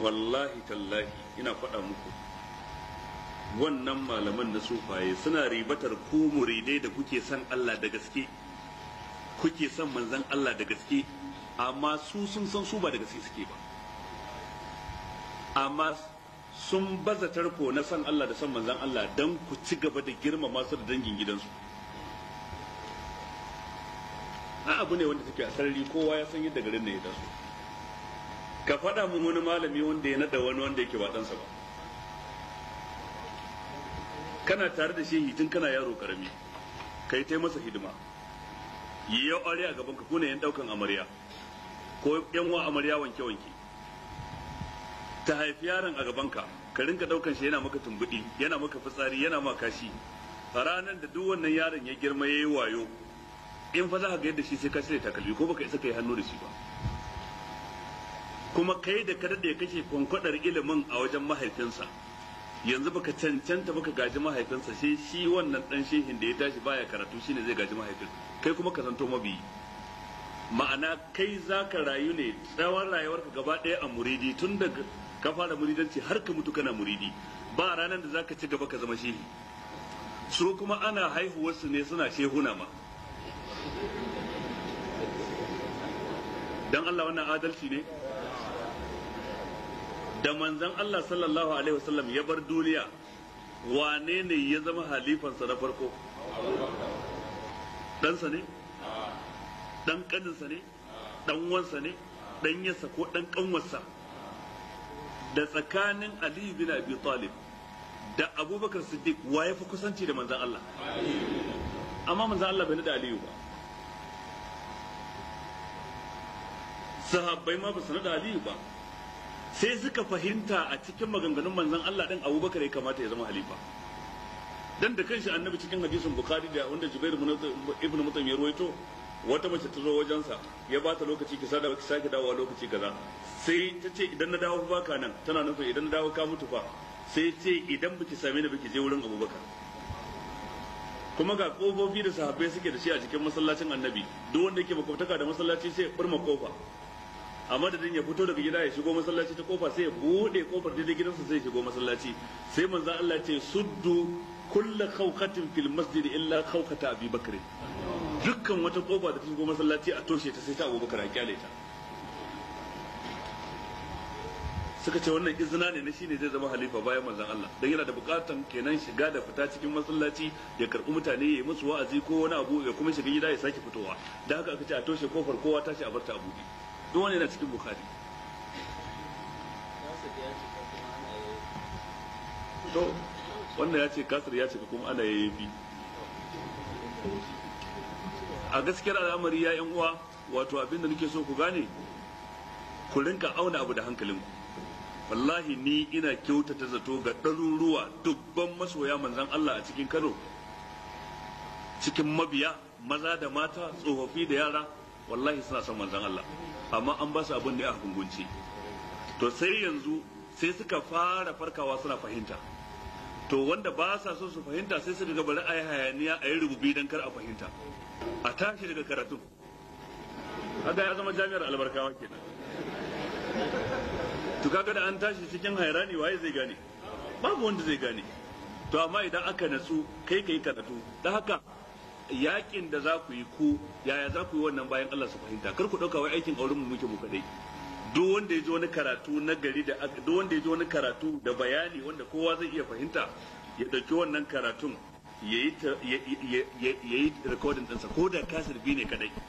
wallahi tallahi ina faɗa muku wannan malaman na sufaye suna ribatar ku muridai da kuke son Allah da gaske kuke son manzan Allah da gaske amma su sun san su ba da gaske suke ba amma sun baza tarko na san Allah da san manzan Allah don ku ci gaba da girmama su da dangin gidansu a abu ne wanda take a sarari kowa ya san yadda garin ne ya taso ka faɗa mun wani malami wanda ya nada wani wanda yake ba ba kana tare da shehi tun kana yaro karami kai tai masa hidima yi yau a gaban ka ko yan ɗaukan amarya ko yan wa amarya wanke wanke ta haifi yaron a gaban ka ka rinka ɗaukan shi yana maka tumbuɗi yana maka fitsari yana maka kashi ranar da duk wannan yaron ya girma ya yi wayo in fa za ka ga yadda shi sai ka cire takalmi ko baka isa ka yi hannu da shi ba kuma kai da ka ya kashe kwankwadar ilimin a wajen mahaifinsa yanzu baka cancanta baka gaji mahaifinsa sai shi wannan dan shehin da ya tashi baya karatu shine zai gaji mahaifin kai kuma ka zanto mabiyi ma'ana kai zaka rayu ne tsawon rayuwarka gaba ɗaya a muridi tun daga ka fara muridanci har ka mutu kana muridi ba ranar da zaka ci gaba ka zama shehi su kuma ana haihuwarsu ne suna shehuna ma dan Allah wannan adalci ne da manzon Allah sallallahu alaihi wasallam ya bar duniya wane ne ya zama halifansa na farko ɗansa ne ɗan ƙaninsa ne ɗan wansa ne ɗan yasa ko ɗan ƙanwarsa da tsakanin Ali bin Abi Talib da Abubakar Siddiq wa ya fi kusanci da manzon Allah amma manzon Allah bai da Aliyu ba sahabbai ma ba su nada aliyu ba sai suka fahimta a cikin maganganun manzon Allah din Abubakar ya kamata ya zama halifa dan da kanshi annabi cikin hadisin bukhari da wanda jubair ibn mutam ya ruwaito wata mace ta zo wajensa ya ba ta lokaci ki sada ki sake dawowa lokaci kaza sai ta ce idan na dawo baka nan tana nufi idan na dawo ka mutu fa sai ce idan baki same ni baki je wurin abubakar kuma ga kofofi da sahabbai suke da shi a cikin masallacin annabi duk wanda yake makwabtaka da masallaci sai ya burma kofa a madadin ya fito daga gida ya shigo masallaci ta kofa sai ya bude kofar daidai gidansa sai ya shigo masallaci sai manzo Allah ce suddu kullu khawqatin fil masjid illa khawqata Abi Bakr dukkan wata kofa da ta shigo masallaci a toshe ta sai ta Abu Bakar a kyale ta suka ce wannan izina ne na shine zai zama halifa bayan manzon Allah dan yana da bukatan kenan shiga da fita cikin masallaci ya karbi mutane ya yi musu wa'azi ko wani abu ya kuma shiga gida ya sake fitowa da haka aka ce a toshe kofar kowa tashi a barta a buɗe duk wani cikin bukari to wannan ya ce kasar ya cika kuma ana yayi bi a gaskiyar al'amari ya yan uwa wato abin da nake so ku gane ku rinka auna abu da hankalin hankalinku wallahi ni ina kyautata zato ga ɗaruruwa dubban masoya manzan Allah a cikin Kano cikin mabiya maza da mata tsofaffi da yara wallahi suna son manzan Allah amma an ba su abin da ya gungunce to sai yanzu sai suka fara farkawa suna fahimta to wanda ba sa so su fahimta sai su daga bari a yi hayaniya a yi rububi don kar a fahimta a tashi daga karatun haka ya zama jami'ar albarkawa kenan to kaga da an tashi cikin hairani waye zai gane babu wanda zai gane to amma idan aka natsu kai kai karatu da haka yakin da za ku yi ku yaya za ku yi wannan bayan Allah su fahimta kar ku dauka wai aikin auren mu muke mu kadai duk wanda ya ji wani karatu na gari da duk wanda ya ji wani karatu da bayani wanda kowa zai iya fahimta ya dauki wannan karatun yayi yayi recording ɗinsa ko da kasir bi ne kadai